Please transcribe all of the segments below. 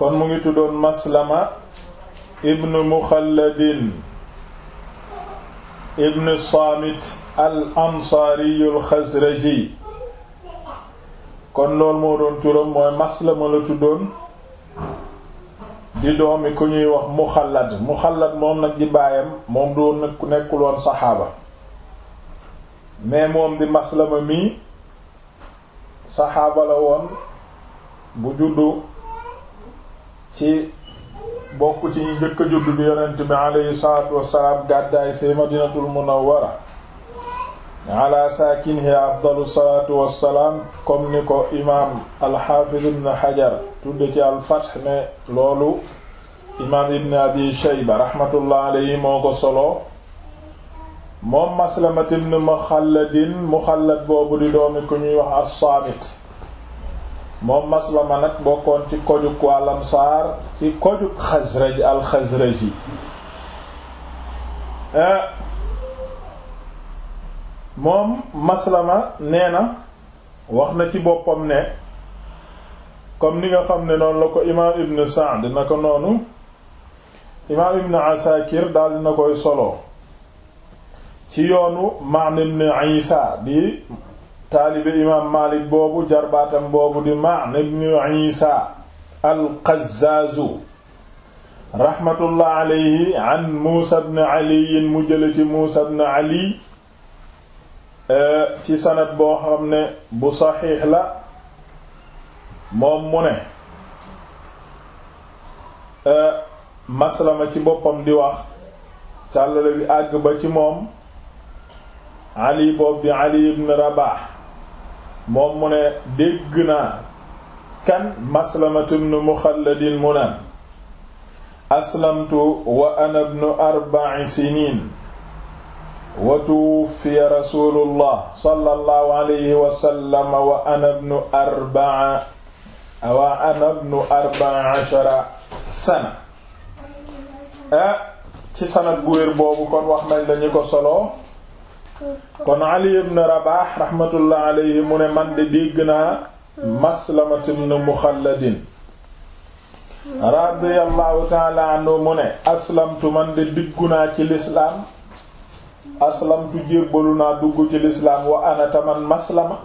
kon mu ngi tuddoon maslama ibn mukhalladin ibn saamit al ansaariyu al xazraji kon lool moo doon turam mooy maslama la tuddoon di doomi ku ñuy wax muxallad muxallad moom nag di baayam moom du woon nekkul woon saxaaba mais moom di maslama mii saxaaba la woon bu juddu ci bokk ci ñu njëkk a juddu bi yonent bi aleyhi salaatu wassalaam gàddaay say madinatul munawwara ni ko imaam alxaafiz ibn xajar tudde ci alfath ne loolu imaam ibn abi shayba rahmatullah aleyhi moo ko solo moom maslamat ibn muxalladin muxallad boobu di ku ñuy wax as-saamit moom maslama nag bokkoon ci kojuk waa lamsaar ci kojuk xasraj alxasraji eh, moom maslama nee na wax na ci boppam ne kom ni nga xam ne noonu la ko imaam ibn Sa'd na ko noonu imaam ibn Asakir daal dina koy solo ci yoonu Ma'n ibn Isa bi taalibe imaam Maalik boobu jarbaatam boobu di Ma'n ibn Isa al-Qazzaazu rahmatullah alayhi Muusa ibn Ali mu jële ci Muusa ibn Ali eh, ci sanad boo xam ne bu saxiix la moom mu ne eh, maslama ci boppam di wax càllale bi àgg ba ci moom Ali boobu di Ali ibn Rabah moom mu ne dégg naa kan maslamatu bnu muxalladin mu naan aslamtu wa ana bnu arba'i siniin wa tuwuffiya rasulullah sallallahu alayhi wa sallam wa ana bnu arba'a wa ana bnu arba'a ashara sana ah ci sanad gu wér boobu kon wax nañ dañu ko solo kon Ali ibn Rabah rahmatullah alayhi mu ne man de dégg naa Maslamat Mukhalladin radiyallahu ta'ala mu ne aslamtu man de diggu naa ci lislaam aslamtu jébbalu naa dugg ci lislaam wa ana taman Maslama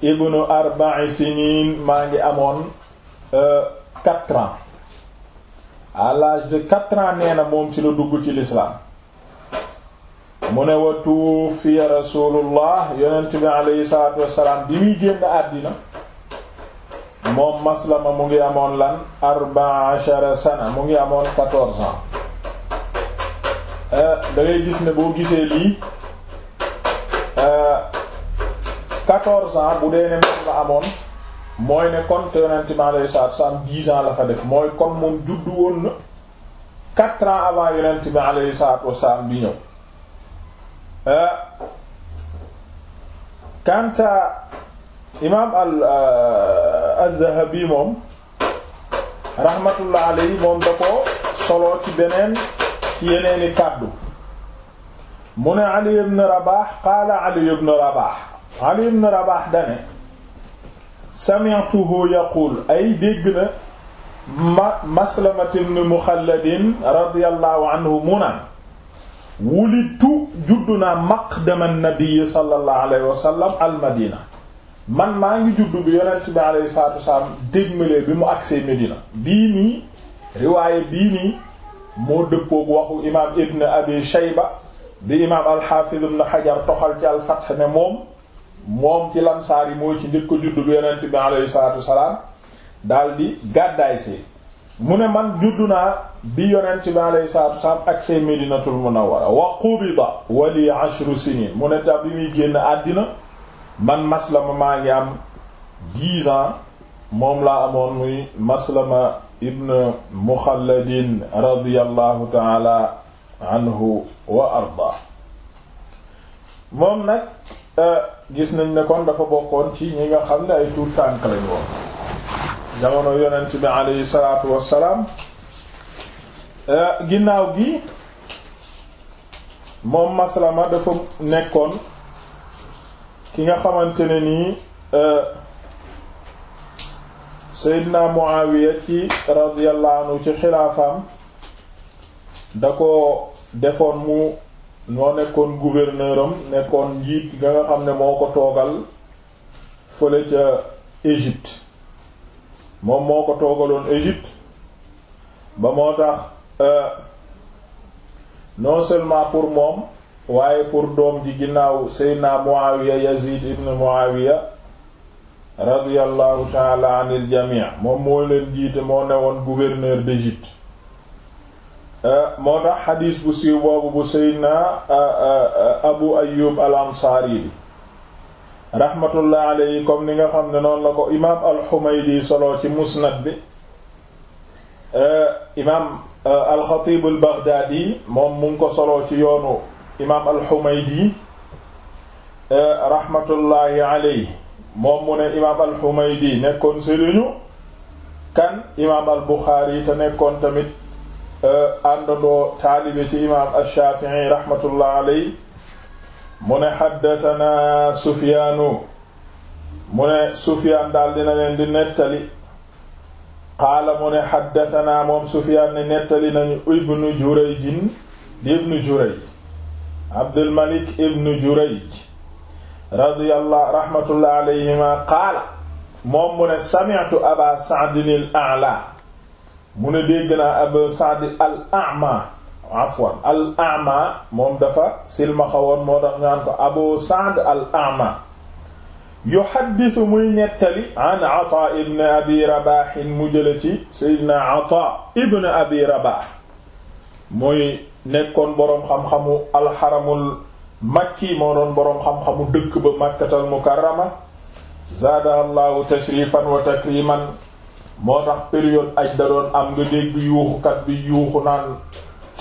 ibnu arba'i sinin maa ngi amoon euh, quatre ans à l'âge de quatre ans nee moom ci la dugg ci lislaam mu ne wa tuwuffiya rasulullah yonent bi aleyhi salatu wasalaam bi muy génn àddina moom maslama mu ngi amoon lan arba'a ashara sana mu ngi amoon quatorze ans euh, da gis ne boo gisee lii euh, quatorze ans bu dee ne moom la amoon mooy ne kon te yonent bi aleyhi salatu wasalaam dix ans la fa def mooy kon moom juddu woon na quatre ans avant yonent bi aleyhi salatu wasalaam bi ñëw kanta euh, imaam al euh, az-Zahabi moom rahmatullah alayhi moom da ko solo ci beneen ci yeneeni kàddu mu ne Ali ibn Rabah qaala Ali ibn Rabah Ali ibn Rabah dane sami'tuhu yaqul ay dégg na ma Maslamata ibn Mukhalladin radiyallahu anhu mu naan wulitu juddu naa maqdama nabi sallallahu alayhi wa sallam al madina man maa ngi juddu bi yonent bi alayhi salaatu wasalaam dégmale bi mu agsee Medina bii nii riwaaye bii nii moo dëppook waxu imaam ibn abi shayba bi imaam alxaafiz ibn xajar toxal ci alfath ne moom moom ci lamsaar yi mooy ci njëkk ko juddu bi yonent bi alayhi salaatu wasalaam daldi gàddaay see mu ne man juddu naa bi yonent bi alayhi salaatu wassalaam ak say Medinatul Munawwara wa qubida wali ashru mu ne ta bi muy génn àddina man maslama maa ngi am dix ans moom laa amoon muy maslama ibn muxalladin radiyallahu taala anhu wa arda moom nag euh, gis nañ ne kon dafa bokkoon ci ñi nga xam ne ay tuur tànk lañ woon jamono yonent bi aleyhi salaatu wassalaam eh, ginnaaw gi moom maslama dafa nekkoon ki nga xamante ne nii eh, Seydina Muawiya ci radiyallahu anhu ci xilaafaam da ko defoon mu moo nekkoon gouverneur nekkoon njiit nga nga xam ne moo ko toogal fële ca Égypte moom moo ko toogaloon Égypte ba moo tax euh, non seulement pour moom waaye pour doom ji ginnaaw Seydina Muawiya Yazid ibn Muawiya radiyallahu taala anil jamii moom moo leen jiite moo newoon gouverneur d'Égypte euh, moo tax xadiis bu siiw boobu bu Seydina euh, Abu Ayyub al-Ansari bi rahmatullah alayhi comme ni nga xam la ko imaam al-Humaydi solo ci musnad bi euh, imaam euh, al-Xatiib al-Baghdaadi moom mu ko solo ci yoonu imaam al-Humaydi euh, rahmatullahi alayhi moom mu ne imaam al-Humaydi nekkoon sëriñu kan imaam al-Buxaari te nekkoon tamit àndandoo taalibe ci imaam al-Shaafi'i rahmatullah alayhi mu ne xaddatanaa sufiyaanu mu ne sufiyaan daal dina leen di nettali qaala mu ne xaddatanaa moom sufiyaan ne nettali nañu ibnu jurayjin di ibnu jurayj abdulmalik ibnu jurayj radiyallahu raxmatullah alayhima qaala moom mu ne sami'tu aba sa'din al a'la mu ne dégg naa aba sa'd al a'ma afwan al moom dafa silmaxawoon woon moo tax ñaan ko abu sa'd al ama yuhaddisu muy nettali an ata ibn abi rabah mu jële ci sayyidina ata ibn abi rabah muy nekkoon boroom xam-xamu alxaramul makki moo doon boroom xam-xamu dëkk ba makkatal mukarrama zaadahallahu tashrifan wa takriman moo tax période aj doon am nga dégg yuuxukat bi yuuxu naan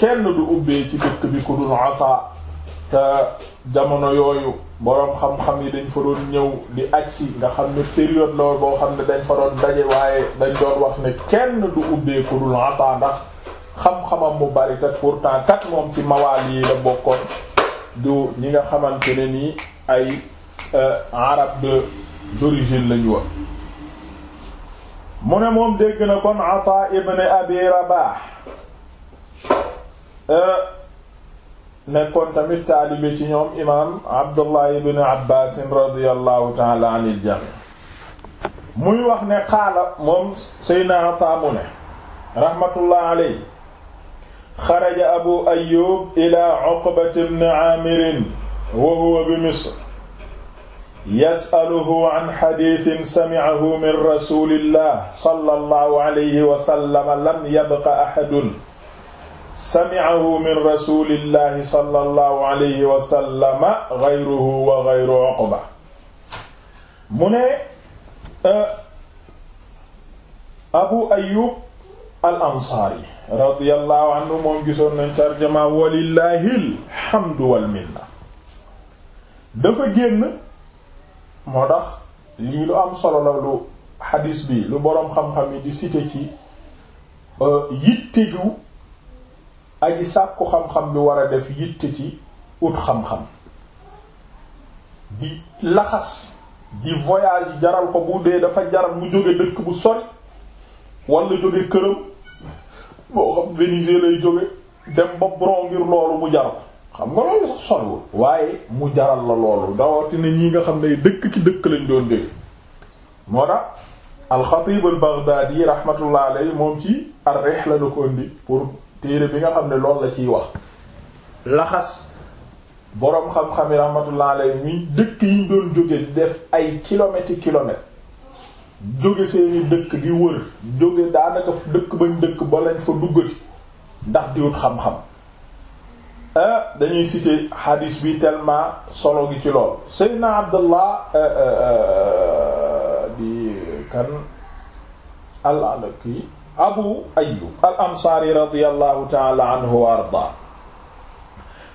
kenn du ubbee ci dëkk bi ku dul ataa jamono yooyu boroom xam-xam yi dañ fa doon ñëw di agsi nga xam ne période loolu boo xam ne dañ fa doon daje waaye dañ doon wax ne kenn du ubbee ku dul ataa ndax xam-xamam mu bari te pourtant kat moom ci mawaal yi la bokkoon du ñi nga xamante ne nii ay euh, arab de d'origine lañu wax mu ne moom dégg na kon ataa ibn abi rabah Euh, nekkoon tamit taalibe ci ñoom imaam Abdullah ibn Abbas radiyallahu ta'ala anil jami muy wax ne xaala moom Seydina Ataa mu ne rahmatullah alayhi xaraja abu ayub ila Uqbat ibn Aamir wa huwa bi Misr yas'aluhu an hadiithin sami'ahu min rasulillah sallallahu alayhi wa sallam lam yabqa ahadun sami'ahu min rasulillahi sallallahu alayhi wa sallam ghayruhu wa ghayru uqba mu ne abu ayyub al ansaari radiyallahu anhu moom gisoon nañ tarjama walillahi alhamdu wal minna dafa génn moo tax lii lu am solo la lu xadiis bi lu boroom xam-xam yi di cité ci euh, yittegu aji sàkku xam-xam bi war a def yitte ci ut xam-xam di laxas di voyage jaral ko bu dee dafa jaral mu jóge dëkk bu sori wala jóge këram boo xam Venise lay jóge dem ba Bron ngir loolu mu jaral xam nga loolu sax soriwul waaye mu jaral la loolu rawatina ñi nga xam ne dëkk ci dëkk lañ doon jóge moo tax al-Khatib al-Baghdadi rahmatullah moom ci ar-Rihla la ko indi pour téere bi nga xam ne loolu la ciy wax laxas boroom xam-xam yi rahmatullah alayhi muy dëkk yi ñu doon jóge di def ay kilomètres kilomètres jóge seeni dëkk di wër jóge daanaka dëkk bañ dëkk ba lañ fa duggati ndax di wut xam-xam ah, dañuy citer hadis bi tellement solo gi ci lool Seydina Abdallah ah, ah, di kan al-Alaki abu ayyub al ansaari radiyallahu taala anhu wa arda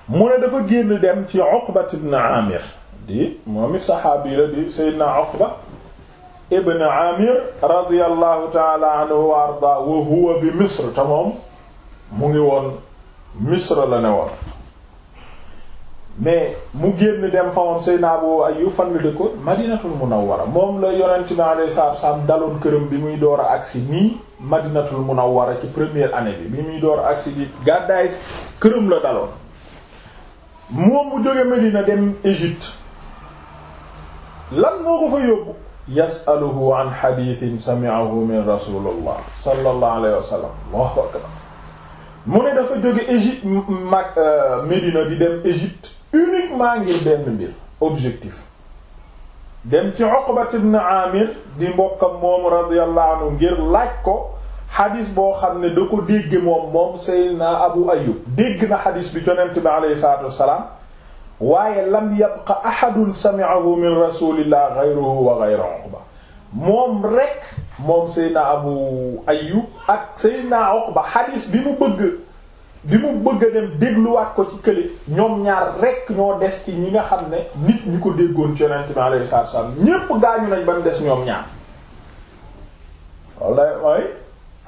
mu ne dafa génn dem ci uqbat ibn amir di moom it saxaabi la di seydina uqba ibn amir radiyallahu taala anhu wa arda wa huwa bi misr te moom mu ngi woon misr la ne woon mais mu génn dem fa moom Seydina Abu Ayyub fan la dëkkoon Madinatul Munawwara moom la yonent bi alayhi salaatu wassalaam daloon këram bi muy door a agsi nii Madinatul Munawwara ci première année bi bi muy door a agsi bi gàddaay këram la daloon moom mu jóge Medina dem Égypte lan moo ko fa yóbbu yasaluhu an xadithin sami'ahu min rasulullah sallallahu alayhi mu ne dafa jóge Égypte mag euh, di dem Égypte uniquement ngir benn mbir objectif dem ci Uqbat ibn Amir di mbokkam moom radiyallahu anhu ngir laaj ko xadis boo xam ne da ko dégg moom moom Seydina Abu Ayyub dégg na xadis bi yonent bi aleyhi salaatu wassalaam waaye lam yabqa ahadun sami'ahu min rasulillah ghayruhu wa ghayru Uqba moom rek moom Seydina Abu Ayyub ak Seydina Uqba xadis bi mu bëgg bi mu bëgg a dem dégluwaat ko ci kële ñoom ñaar rekk ñoo des ci ñi nga xam ne nit ñi ko déggoon ci yonent bi alayhi salaatu ñépp gaañu nañ ba mu des ñoom ñaar walla mooy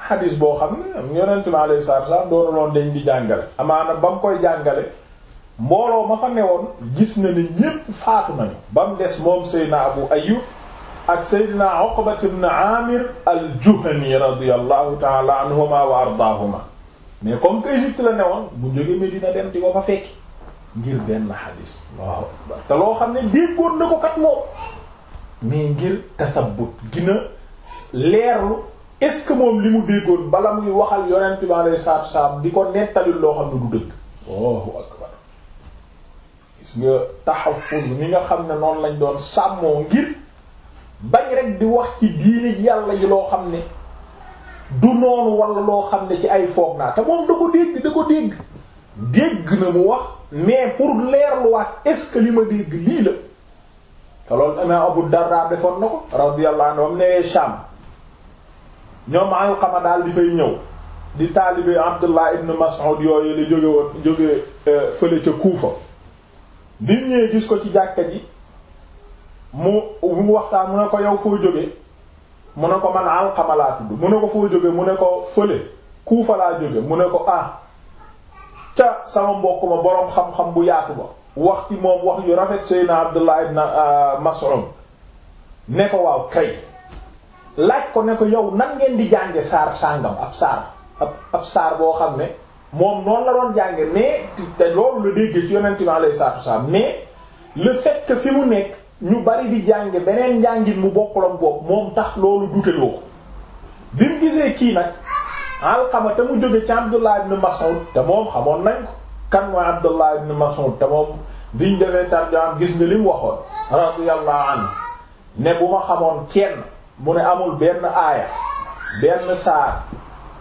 xadiis boo xam ne yonent bi alayhi salaatu salaam dañ di jàngale amaana ba mu koy jàngale mbooloo ma fa newoon gis na ni ñépp faatu nañu ba mu des moom Seydina Abu Ayyub ak Seydina Uqbat ibn Amir al-Juhani radiyallahu ta'ala anhuma wa ardaahuma mais comme que Égypte la newoon mu jóge Medina dem di ko fa fekki ngir benn xadis waaw te loo xam ne déggoon na ko kat moom mais ngir tasabbut gina leerlu est-ce que moom li mu déggoon bala muy waxal yonent bi alayhi salaatu salaam di ko nettali loo xam ne du dëgg Allahu akbar gis nga taxaful ni nga xam ne noonu lañ doon sàmmoo ngir bañ rek di wax ci diini yàlla yi loo xam ne du noonu wala loo xam ne ci ay foog naa te moom da ko dégg da ko dégg dégg na mu wax mais pour leerluwaat est-ce que li ma dégg lii la te loolu imaam Abu Darda defoon na ko radiyallahu anhu am newee Sham ñoom Alqama daal di fay ñëw di taalibe Abdullah ibn Mas'ud yooyu la jóge woon jóge euh, fële ca Kuufa bi ñëwee gis ko ci jàkka ji mu mu waxtaan mu ne ko yow foo jóge mu ne ko man Alqama laa tudd mu ne ko foo jóge mu ne ko fële Kuufa laa jóge mu ne ko ah ca sama mbokk ma boroom xam-xam bu yaatu ba wax ci moom wax yu rafet Seydina Abdullah ibn ah, Mas'ud ne ko waaw kay laaj ko ne ko yow nan ngeen di jànge saar sàngam ab saar ab saar boo xam ne moom noonu la doon jànge mais te loolu la déggee ci yonent bi alayhi salaatu wasallam mais le fait fi mu nekk ñu bari bi jàng beneen njàngin mu bokkul ak boobu moom tax loolu dute ko bi mu gisee kii nag Alqama te mu jóge ci Abdullah ibn Mas'ud te moom xamoon nañ ko kan mooy Abdullah ibn Mas'ud te moom biñ defee tarjam gis nga li waxoon radiyallahu anhu ne bu ma xamoon kenn mu ne amul benn aaya benn saar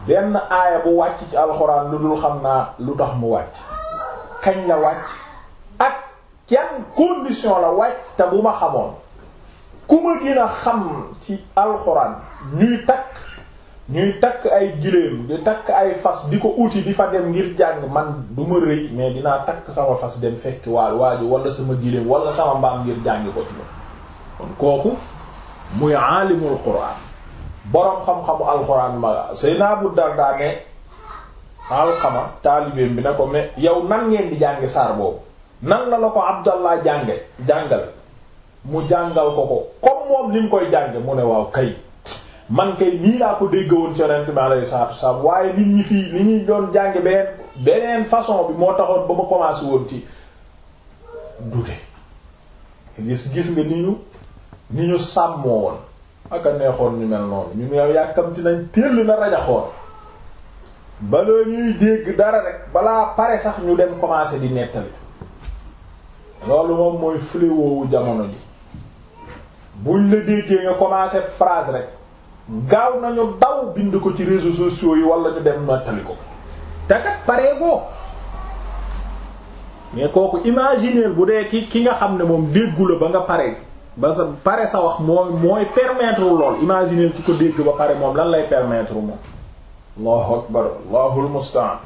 benn aaya bu wàcc ci alxuraan lu dul xam naa lu tax mu wàcc kañ la wàcc ak yan condition la wàcc te bu ma xamoon ku ma gën xam ci alxuraan ñuy takk ñuy takk ay giléem di takk ay fas di ko uti di fa dem ngir jàng man du rëy mais dinaa takk sama fas dem fekk waa waaju wala sama giléem wala sama mbaam ngir jàngi ko ci ma kooku muy aalimul quraan boroom xam-xamu alxuraan ma Seydina Abu Darda ne alxama taalibeem bi na ko mais yow nan ngeen di jàngi saar boobu nan la la ko Abdallah jànge jàngal mu jàngal ko ko comme moom ni mu koy jànge mu ne waaw kay man kay nii laa ko dégg woon ci yonent bi alayhi waaye nit ñi fii ni ñuy doon jànge beneen beneen façon bi moo taxoon ba ma commencé woon ci dute gis gis nga ni ñu ni ñu sàmmoo woon ak a neexoon ñu mel noonu ñu neew yàkkamti nañ téll na rajaxoon balaa ñuy dégg dara rek balaa pare sax ñu dem commencé di nettali loolu moom mooy fléau wu jamono ji buñ la déggee nga commencé phrase rek gaaw nañu daw bind ko ci réseaux sociaux yi wala ñu dem nottali ko te kat paree ko mais kooku imaginer bu dee ki ki nga xam ne moom déggu la ba nga pare ba sa pare sa wax mooy mooy permettre lool imaginer ki ko dégg ba pare moom lan lay permettre moom allahu akbar allahul musta'an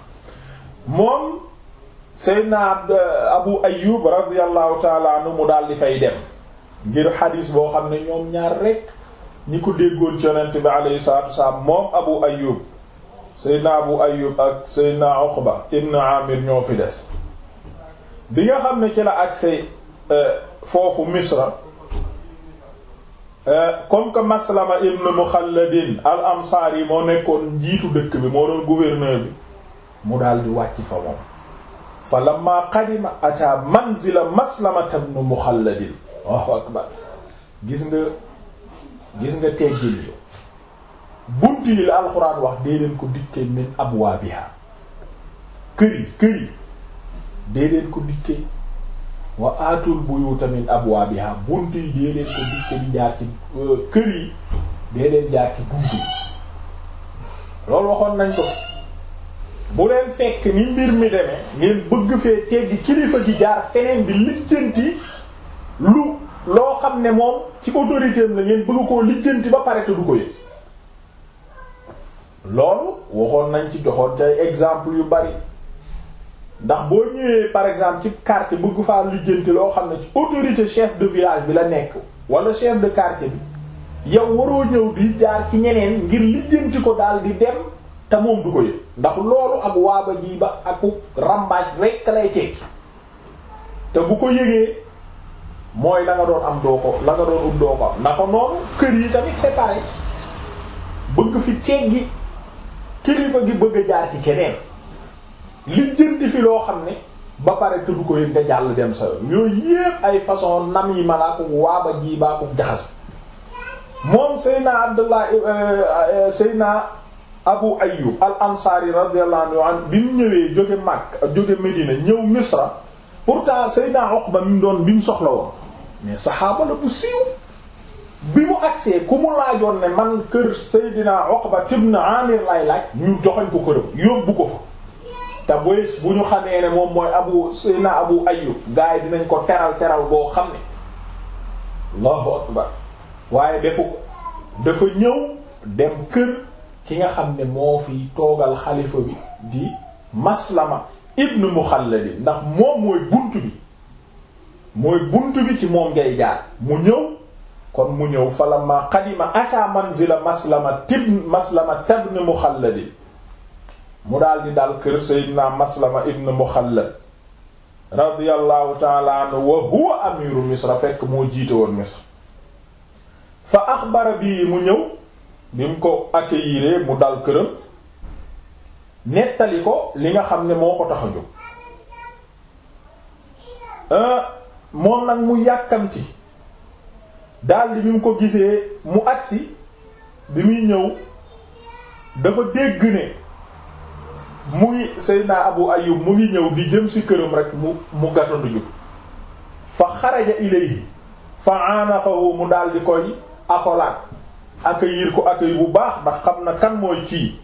moom Seydina eh, Abu Ayyub radiyallahu taala mu daal di fay dem ngir xadiis boo xam ne ñoom ñaar rek ñi ko déggoon ci yonent bi alayhi salaatu wasalaam moom Abu Ayyub Seydina Abu Ayyub ak Seydina Uqba ibn Amir ñoo fi des bi nga xam ne ci la eh, foofu Misra eh, comme que Maslama ibn Mukhalladin al-Ansari moo nekkoon njiitu dëkk bi moo doon gouverneur bi mu daal di wàcc fa moom fa lamma qadima ataa manzila maslamata ibn mukhalladin Allahu akbar gis nga gis nga teggin yi bunt yi la alxuraan wax dee leen ko dikkee min abwaabiha kër yi kër yi dee leen ko dikkee wa aatul buyuuta min abwaabiha bunt yi dee leen ko dikkee di jaar ci euh, kër yi dee leen jaar ci bunt yi loolu waxoon nañ ko bu leen fekk ni mbir mi demee ngeen bëgg fee teggi kilifa gi jaar feneen di lijjanti lu loo xam ne moom ci autorité am la ngeen bëgg koo lijjanti ba pare te du ko yëg loolu waxoon nañ ci joxoon ci exemple yu bari ndax boo ñëwee par exemple ci quartier bëgg faa lijjanti loo xam ne ci autorité chef de village bi la nekk wala chef de quartier bi yow waroo ñëw di jaar ci ñeneen ngir lijjanti ko daal di dem te moom du ko yëg ndax loolu ak waaba ji ba ak rambaaj rekk lay tekki te bu ko yëgee mooy la nga doon am doo ko la nga doon ut doo ko am ko noonu kër yi tamit c'est pareil bëgg fi teggi kilifa gi bëgg a jaar ci keneen li jënti fi loo xam ne ba pare tudd ko yëg nga jàll dem sa yoon yooyu yépp ay façon nam yi malaa ko waaba ji baa jaxas moom Seydina Abdullah euh, euh, Seydina abu ayyub al ansaari radiyallahu anhu bi mu ñëwee jóge a jóge Medina ñëw misra pourtant Seydina Uqba mi mu doon bi mu soxla woon mais saxaaba la bu siiw bi mu agsee ku mu laajoon ne man kër Seydina Uqba ibn Amir lay laaj ñu joxoñ ko këram yóbbu ko fa te bés bu ñu xamee ne moom mooy abu Seydina abu ayyub gars dinañ ko teral teral boo xam ne allahu akbar waaye defu ko dafa ñëw dem kër ki nga xam ne moo fi toogal xalifa bi di maslama ibn muxallad ndax moom mooy bunt bi mooy bunt bi ci moom ngay jaar mu ñëw kon mu ñëw falamma qadima ata manzila maslama tib maslama tabn muxallad mu daal di dal kër sayyidina maslama ibn muxallad radiyallahu ta'ala wa huwa amiru misra fekk moo jiite woon misra fa axbara bii mu ñëw bi mu ko accueillir mu dal këram nettali ko li nga xam ne moo ko tax a jóg euh, moom nag mu yàkkamti daldi bi mu ko gisee mu agsi bi muy ñëw dafa dégg ne mu ngi Seydina Abu Ayyub mu ngi ñëw bi jëm si këram rek mu mu gatandu jóg fa xaraja ilayhi fa aanafahu mu daldi koy akolaat accueillir ko accueil bu baax ndax xam na kan mooy kii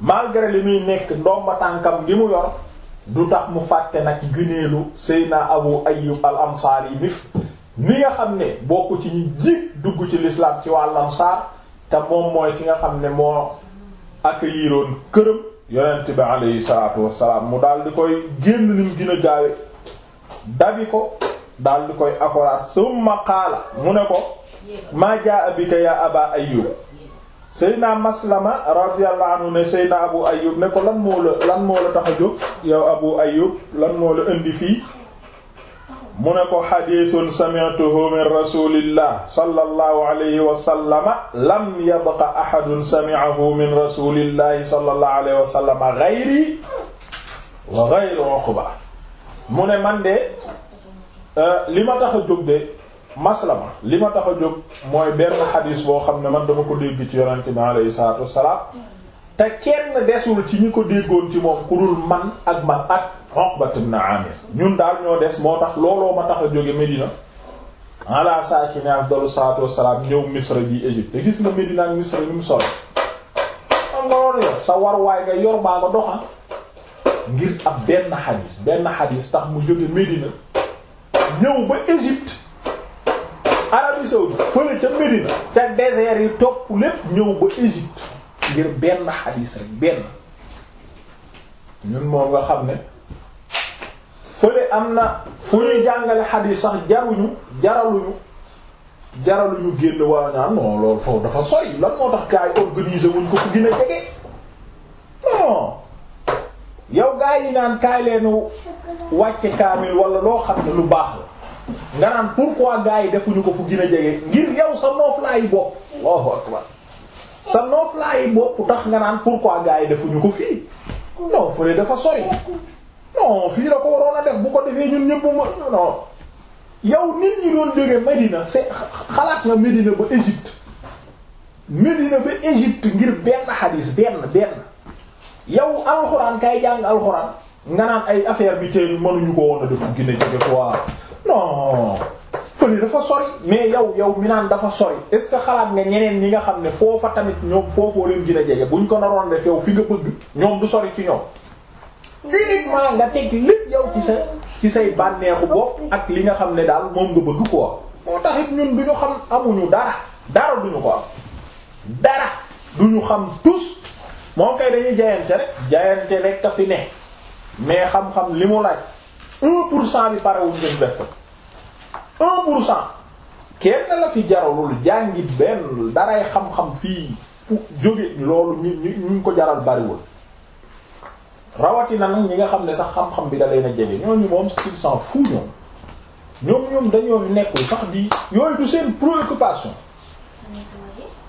malgré li muy nekk ndomba tànkam gi mu yor du tax mu fàtte nag gëneelu Seyna Abu Ayyub al Ansaar yi mif ni nga xam ne boo ko ci ñi jiit dugg ci lislaam ci wàll Ansaar te moom mooy ki nga xam ne moo accueilliroon këram yonent bi aleyhi salaatu wassalaam mu daal di koy génn ni mu gën a ko daal di koy accoraat summa qaala mu ne ko maa jaa bika ya aba ayyub seydna maslama radiyallahu anhu ne seydna abu ayyub ne ko lan moo la lan moo la tax a jóg yow abu ayyub lan moo la indi fii mu ne ko xadiisun sami'tuhu min rasulillah sallallahu alayhi wa sallama lam yabqa ahadun sami'ahu min rasulillahi sallallahu alayhi wa sallama ghayri wa ghayru uqba mu ne man de euh, li ma tax a jóg de maslama li ma tax a jóg mooy benn xadis boo xam ne man dama ko dégg ci yonente bi alayhi salaatu wassalaam te kenn desul ci ñi ko déggoon ci moom ku dul man ak man ak Uqbat na Amir ñun daal ñoo des moo tax looloo ma tax a jóge Medina ala saakini afdalu salaatu wassalaam ñëw Misra ji Égypte gis nga Medina ak Misra ñu mu solo nga loolu yor sa war waay nga yor baa nga doxa ngir ab benn xadis benn xadis tax mu jóge Medina ñëw ba Égypte Arabie saoudite fële ca Médine ca désert yi topp lépp ñëw ba Égypte ngir benn xadiis rek benn ñun moom nga xam ne fële am na fu ñuy jàngale xadiis sax jaruñu jaraluñu jaraluñu génn waa naan non loolu foofu dafa sori lan moo tax gars yi wuñ ko fu gën a jege yow gars yi naan kaay leen wàcce kaamil wala loo xam ne lu baax la nga naan pourquoi gars yi defuñu ko fu gën a jege ngir yow sa nooflaayi bopp Allahu akbar sa nooflaayi bopp tax nga naan pourquoi gars yi defuñu ko fii non fële dafa sori non fii la ko waroon a def bu ko defee ñun ñëpp ma non yow nit doon jóge Medina c'est xalaat nga Medina ba Égypte Medina ba Égypte ngir benn xadis benn benn yow alxuraan kay jàng alxuraan nga naan ay affaire bi tey mënuñu ko woon a def fu gën a jege non fële dafa sori mais yow yow mi naan dafa sori est ce que xalaat nga ñeneen ñi nga xam ne foofa tamit ñoom foofoo leen gën a jege buñ ko naroon def yow fi nga bëgg ñoom du sori ci ñoom uniquement nga teg lépp yow ci sa ci say bànneexu bopp ak li nga xam ne daal moom nga bëgg quoi moo taxit ñun duñu xam amuñu dara dara duñu ko am dara duñu xam tous moom kay dañuy jayante rek jayante rek ka fi ne mais xam-xam li mu laaj un pour cent bi pare wuñ ngeen def ko un pour cent kenn la fi jaralul jàngi benn daray xam-xam fii pour jóge loolu ñu ñu ñu ko jaral bariwul rawatina nag ñi nga xam ne sax xam-xam bi da leen a jege ñooñu moom s'il s'en fout ñoom ñoom ñoom dañoo nekkul sax di yooyu du seen préoccupation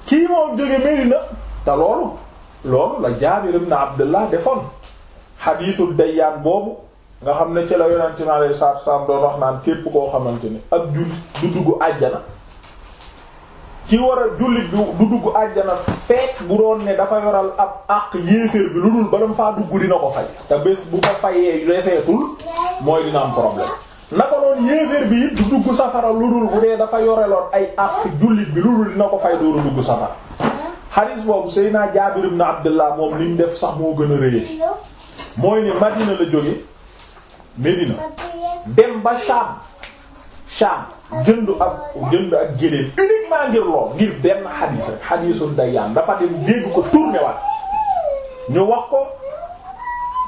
kii moom jóge Medina te loolu loolu la Jaabir ibn Abdullah defoon xadiisul dayyaan boobu nga xam ne ci la yonente mi alei salatu doon wax naan képp koo xamante ni ak jullit du dugg àjjana ki war a jullit bi du dugg àjjana fekk bu doon ne dafa yoral ab àq yéeféer bi lu dul bala ko fay te bés bu fayee reseetul mooy dina am problème naka doon yéeféer bi it du dugg safara lu dul bu dee dafa yoreloon ay àq jullit bi lu dul dina ko fay dooru dugg safara xaris boobu Seydina Jaabir ibn Abdullah moom liñ def sax moo gën a rëyati mooy ne Madina la jóge Medina dem ba Sham Sham jënd ak jënd ak géléem uniquement ngir lool ngir benn xadiis rek xadiisul Dayyaan dafa dem dégg ko tourné waat ñu wax ko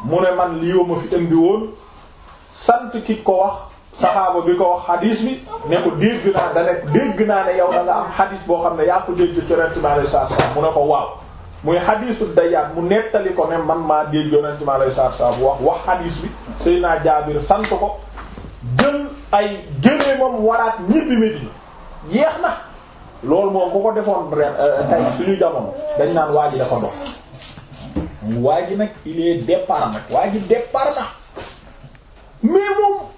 mu ne man li ma fi indi woon sant ki ko wax saxaaba bi ko wax xadiis bi ne ko dégg naa da ne dégg naa ne yow da am xadiis boo xam ne yaa ko dégg ci Yonent bi sallallahu alayhi mu ne ko waaw muy xadiisu dayaat mu nettali ko ne man maa dégg yonent mi alayhi salaatu salaam wax wax xadiis bi Seydina Jaabir sant ko jël ay génnee moom waraat ñibbi Medina yeex na loolu moom ku ko defoon ren euh, suñu jamono dañ naan waa ji dafa dox nag il est nag waa ji départ na moom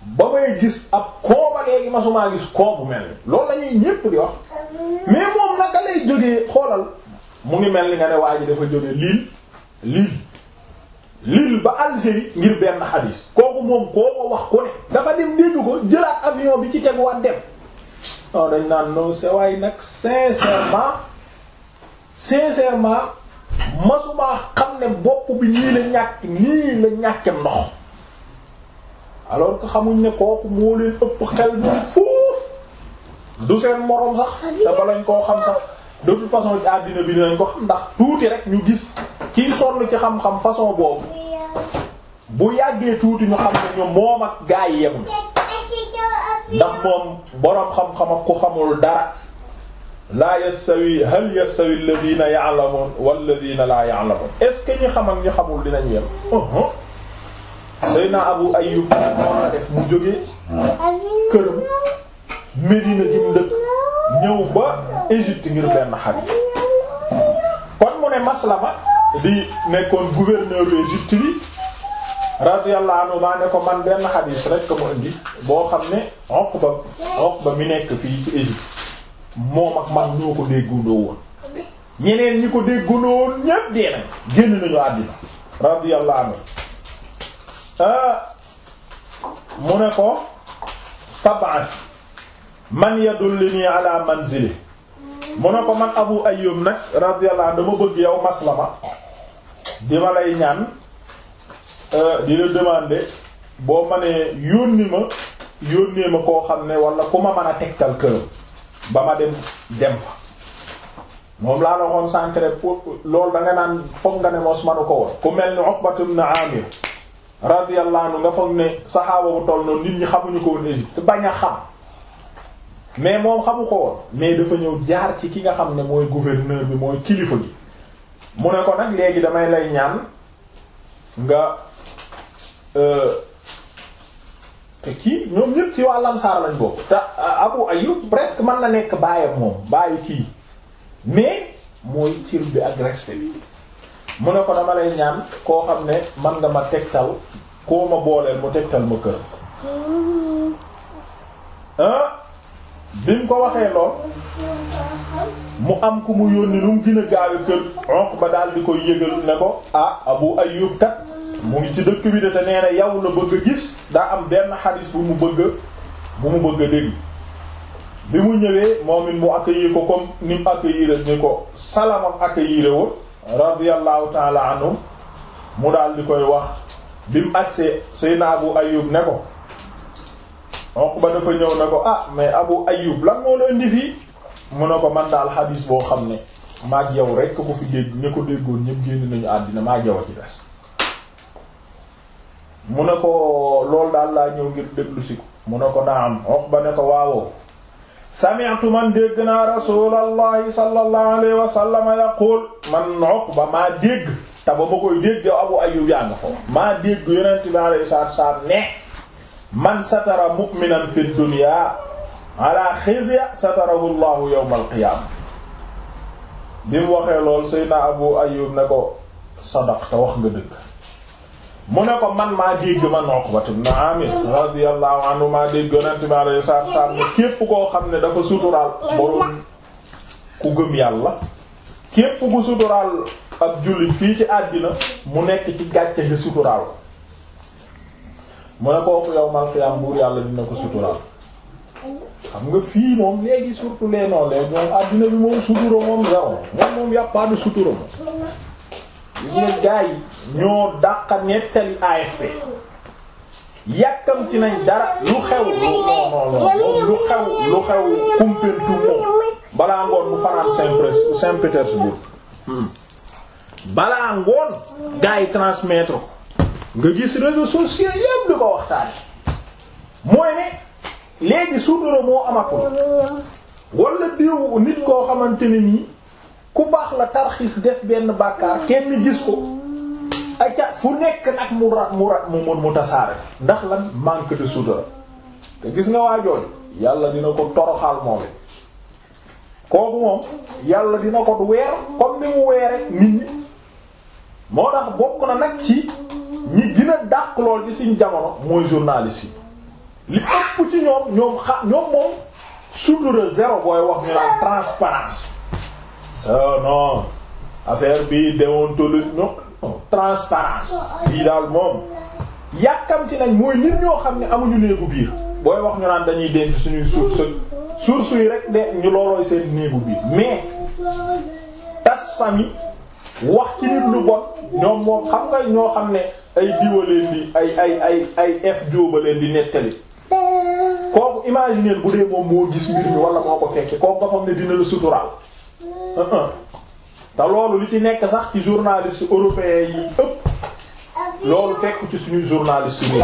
ba may gis ab kooba léegi masumaa gis koobu mel loolu la ñépp di wax mais moom naka lay jógee xoolal mu ngi mel ni nga ne waa ji dafa jóge Lille Lille ba Algérie ngir benn xadis kooku moom koo wax ko ne dafa dem dégg ko jëlaat avion bi ci teguwaat dem non dañ naan non c'est waaye nag sincèrement sincèrement masuma xam ne bopp bi nii la ñàkk nii la ñàkke ndox alors que xamuñ ne kooku moo leen ëpp xel bu fuuf du seen moroom sax te balañ koo xam sax de toute façon ci àddina bi dinañ ko xam ndax tuuti rek ñu gis kiy sonn ci xam-xam façon boobu bu yàggee tuuti ñu xam ne ñoom moom ak gaa yi yemuñu ndax moom boroom xam-xam ak ku xamul dara laa yastawi hal yastawi alladhina ya'lamun walladhina laa ya'lamun est-ce que ñi xam ak ñi xamul dinañ yem uh-huh. Seydina Abu Ayyub moo la def mu jógee këram Medina gi mu dëkk ñëw ba Égypte ngir benn xarit kon mu ne Maslama di nekkoon gouverneur yu Égypte bi radiyallahu anhu maa ne ko man benn xadiis rek ko mu indi boo xam ne Uqba Uqba mi nekk fii ci Égypte moom ak man ñoo ko déggundoo woon ñeneen ñi ko déggundoo woon ñépp dee nañ génn nañu àddina radiyallahu anhu ah, mu ne ko sab'at man yadullini ala manzili mu ne ko man abu ayyub nag radiyallahu anhu dama bëgg yow maslama di ma lay ñaan euh, di la demander boo ma nee yónni ma yónnee ma koo xam ne wala ku ma mën a tegtal kër ba ma dem dem fa moom laa la waxoon centre pour loolu da naan foog nga ne ma manu ko woon ku mel ni Uqbatu ibn Amir radiyallahu nga foog ne saxaaba bu toll noonu nit ñi xamuñu ko woon Égypte bañ a xam mais moom xamu ko woon mais dafa ñëw jaar ci ki nga xam ne mooy gouverneur bi mooy kilifa gi mu ne ko nag léegi damay lay ñaan nga euh, te kii ñoom ñëpp ci waa Ansaar lañ bokk te euh, Abu Ayyub presque mën na nekk baayam moom bàyyi kii mais mooy ci bi ak respect bi mu ne ko dama lay ñaan koo xam ne man nga ma tegtal koo ma booleel mu tegtal ma kër hmm. bi mu ko waxee lool mu am ku mu yónni lu mu gën a kër onq ba daal di koy yëgal ne ko ah Abu Ayyub kat mu ngi ci dëkk bi de te nee na la bëgg a gis daa am benn xaris bu mu bëgg bu mu bëgg a dégg bi mu ñëwee moom it mu accueillir ko comme ni mu accueillir ni ko salamam accueillir woon radiyallahu taala anhu mu daal koy wax bi mu agsee Seydina Abu Ayyub ne ko ba dafa ñëw na ko ah mais Abu Ayyub lan moo la indi fii mu ne ko man daal xadiis boo xam ne maag yow rekk ko fi dégg ne ko déggoon ñëpp génn nañu àddina maag yow a ci des mu ne ko loolu daal laa ñëw ngir déglu si ko mu ne ko naam Uqba ne ko waawoo sami'tu man dégg naa rasulallahi sallallahu alayhi wa sallam yaqul man Uqba maa dégg te ba ma koy dégg yow Abu Ayyub yaa nga foofu maa dégg yonent bi alayhi salaatu wa ne man satara mu'minan fi dunya ala xizya satarahu llahu yawmal qiyaama bi mu waxee lool Seydina Abu Ayyub ne ko sadaq te wax nga dëgg mu ne ko man maa dégg man Uqbatu ibn Amir radiyallahu anhu maa dégg yonent bi alayhi salaatu salaam képp koo xam ne dafa suturaal borom ku gëm yàlla képp ku suturaal ab jullit fii ci àddina mu nekk ci gàcce gi suturaal mu ne kooku yow mal xiyaam buur yàlla dina ko suturaal xam nga fii moom léegi surtout les non moom addina bi moom sutura moom zéro moom moom a sutura moom. gis nga gars yi ñoo dàqa nettali AFP yàkkamti nañ dara lu xew lu xew lu xew Koumpentoum moom balaa ngoon mu fanaan saint Saint-Pétersbourg hmm. balaa ngoon gars yi transmettre nga gis réseaux sociaux yëpp di ko waxtaane mooy ne léegi sutura moo amatul wala diw nit koo xamante ne nii ku baax la tarxiis def benn bàkkaar kenn gis ko acca fu nekk nag mu ra mu ra mu mu tasaare ndax la manque de sutura te gis nga waa jooju yàlla dina ko toroxal moom kooku moom yàlla dina ko weer comme ni mu weere nit ñi moo tax bokk na nag ci ñi gën a dàq lool ci suñ jamono mooy journaliste yi li ëpp ci ñoom ñoom xa ñoom moom sutura zéro booy wax ñu naan transparence so non affaire bi déontologie non transparence fii daal moom yàkkamti nañ mooy nit ñoo xam ne amuñu néegu biir booy wax ñu naan dañuy denc suñuy source source yi rek de ñu loolooy seen néegu biir mais tas famille wax ci nit lu bon ñoom moom xam nga ñoo xam ne ay diwaleen di ay ay ay ay f jóobaleen di nettali kooku imaginer bu dee moom moo gis mbir mi wala moo ko fekke kooku nga xam ne dina la suturaal te loolu li ci nekk sax ci journaliste européen yi ëpp loolu fekk ci suñuy journaliste yi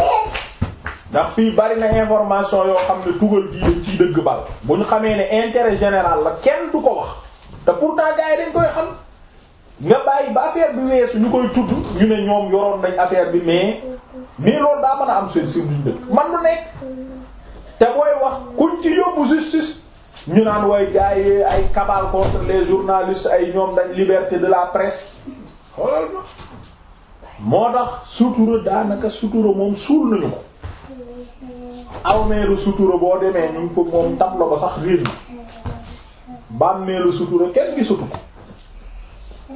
ndax fii bari na information yoo xam ne tugal gii dañ ciy dëgg bal bu xamee ne intérêt général la kenn du ko wax te pourtant gars dañ koy xam nga bàyyi ba affaire bi weesu ñu koy tudd ñu ne ñoom yoroon nañ affaire bi mais mais loolu daa man a am seen seen duñ dëkk man lu nekk te booy wax kuñ ci yóbbu justice ñu naan way gars yi ay cabale contre les journalistes ay ñoom dañ liberté de la presse xoolal ma moo tax sutura daanaka sutura moom suul nañu ko almeeru sutura boo demee ñu ngi ko moom tablo ba sax riir na bàmmeelu sutura kenn gi ko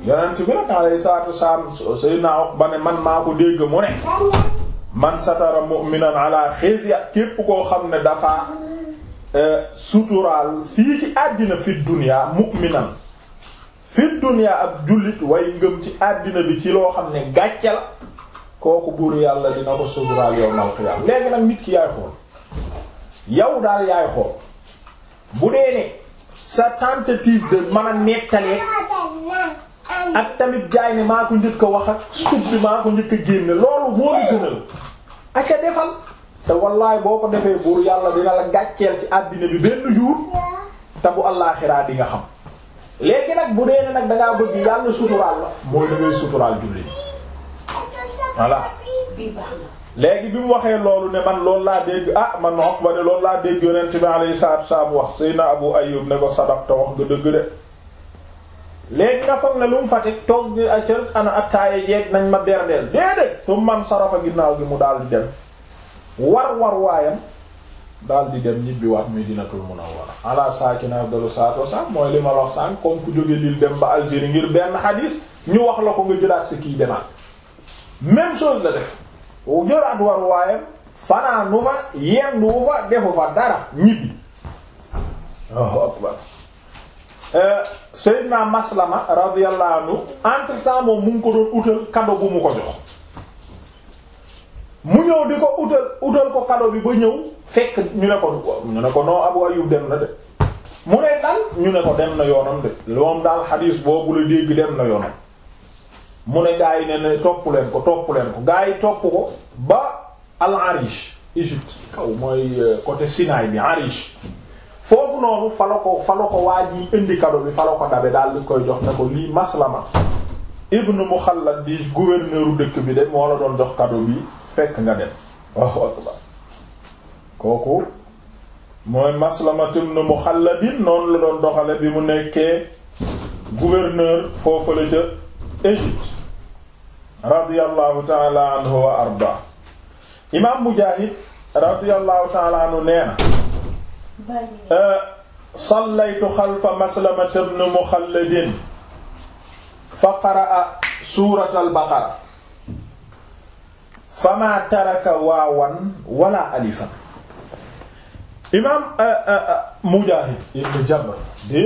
yonent bi nag alayhi salaatu wasalaam Seydina Uqba ne man maa ko dégg mu ne man satara mu'minan ala xizya képp koo xam ne dafa e, suturaal fii ci àddina fi dunya mu'minan fi dunya ab jullit way ngëm ci àddina bi ci loo xam ne gàcce la kooku buur yàlla dina ko suturaal yow mal xiyaam léegi nag nit ki yaay xool yow daal yaay xool bu dee ne sa tentative de mën a nettalee ak tamit jaay ne maa ko njëkk a wax ak sub bi maa ko njëkk génne loolu moo di gënal ak defal te wallaay boo ko defee buur yàlla dina la gàcceel ci àddina bi benn jour te bu allaaxiraa di nga xam léegi nag bu dee ne nag da ngaa bëgg yàlla suturaal la mooy da ngay suturaal julli voilà léegi bi mu waxee loolu ne man loolu laa dégg ah man wax ba ne loolu laa dégg yonent bi alayhi salaatu wa salaam wax Seydina Abu Ayyub ne ko sadaqta wax nga dëgg de léegi nga foog ne lu mu fa teg toog di acër ana attaaya yeeg nañ ma berdeel déedéet su man sarafa ginnaaw gi mu daal di dem war war waayam daal di dem ñibbiwaat Madinatul Munawwara ala saakina afdalu salaatu wassalaam mooy li ma wax sànq comme ku jóge Lille dem ba Algérie ngir benn xadiis ñu wax la ko nga jëlaat si kii demaat même chose la def jëlaat war waayam fanaanu fa yendu fa defu fa dara ñibbi Euh, Seydina Maslama radiyallahu anhu entre temps moom mu ngi ko doon utal kado bu mu ko jox mu ñëw di ko utal utal ko kado bi ba ñëw fekk ñu ne ko ñu ne ko non Abu Ayyub dem na de mu ne dal ñu ne ko dem na yoonam de moom daal xadiis boobu la dégg dem na yoonam mu ne gaa yi ne ne topp leen ko topp leen ko gaa yi topp ko ba al Arish Égypte kaw mooy euh, côté Sinaï bi Arish foofu noonu fa la ko fa la ko waaj yi indi kado bi fa ko dabe daal di koy jox ne ko lii maslama ibnu Muxallad di gouverneuru dëkk bi de moo la doon jox kado bi fekk nga dem kooku mooy maslama ibnu Muxalladin noonu la doon doxale bi mu nekkee gouverneur foofu la ca Égypte radiyallahu taala anhu wa imaam Mujaahid radiyallahu taala anhu nee na Euh, sallaytu xalfa maslamata ibn muxalladin fa qaraa suurata albaqara famaa taraka waawan wala alifan imaam euh, euh, mujaahid ibn jabr di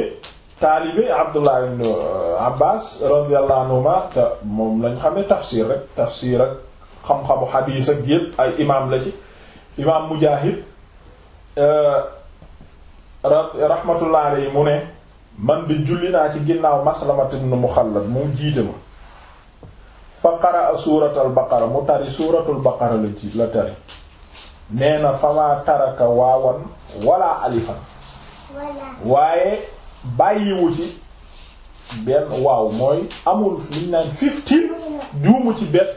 taalibe abdullah ibn abbas radiyallahu anhuma te moom lañ xamee tafsir rek tafsir ak xam-xamu xadiis ak yépp ay imaam la ci imaam mujaahid rahmatullah alayhi mu ne man bi julli naa ci ginnaaw maslamat ibn muxallad mu jiite ma fa qaraa suuratul baqara mu tari suuratul baqara la ci la tari nee na famaa taraka waawan wala alifan waaye bàyyiwu ci benn waaw mooy amul liñ naan fifteen juumu ci benn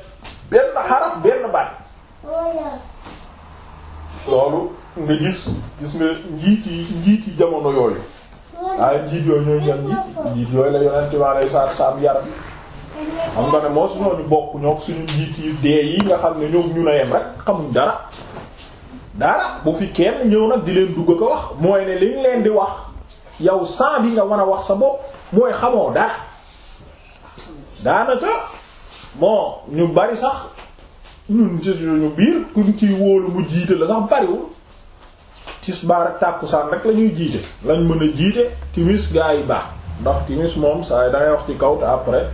benn benn baat loolu nga gis gis nga njiit yi njiit yi jamono yooyu waaye njiit yooyu ñooy ñan njiit njiit yooyu la yonenti maa lay saar saam yar xam nga ne moo su ñooñu njiit yi dee yi nga xam ne ñoom ñu na yem rek xamuñ dara dara bu fi kenn ñëw nag di leen dugg ko wax mooy ne liñ leen di wax yow saa bi nga war a wax sa bopp mooy xamoo dara daanaka bon ñu bari sax ñun ci suñu biir kuñ ciy wóolu mu jiite la sax bariwul tisbaar ak tàkkusaan rek lañuy ñuy jiite lañ mën a jiite timis gaa yi baax ndax timis moom saa yi dangay wax ci kaw te après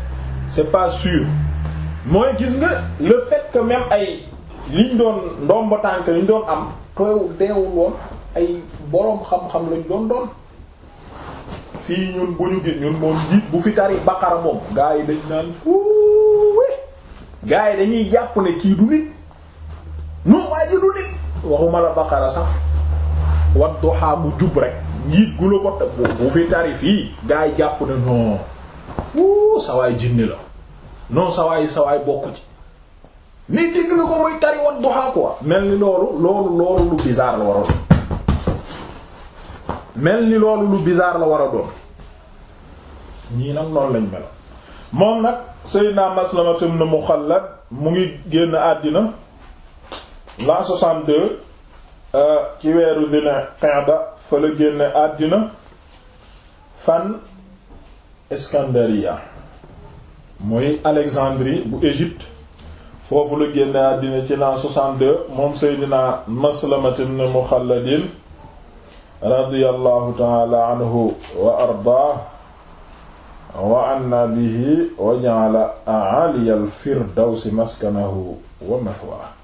c'est pas sûr mooy gis nga le fait que ay liñ doon ndomba tànk liñ doon am teew deewul woon ay boroom xam-xam lañ doon doon fii ñun bu ñu gis ñun moom jiit bu fi tari baqara moom gaa yi dañ naan fuuwe gaa yi dañuy jàpp ne kii du nit non waa ji du nit waxuma la baqara sax wadduha mu jub rek njiit gu la ko bu fi tarif fii gaa yi jàpp ne non wuu sawaay jinne la non sawaay sawaay bokk ci ni dégg na ko muy tari wadduha quoi mel ni loolu loolu loolu lu bizarre la war a doon mel ni loolu lu bizarre la war a doon ñii nag noonu lañ mel moom nag Sayyidna Maslamatu ibn Mukhallad mu ngi génn àddina l'an 62 Euh, ci weeru dina qinda àddina fan Iskandariya muy Alexandrie bu Égypte foofu la génne àddina ci l'an 62 moom Seydina Maslamat ibn Mukhalladin radiyallahu ta'ala anhu wa ardaah wa anna bihi wa ja'ala a'ali al maskanahu wa mathwaahu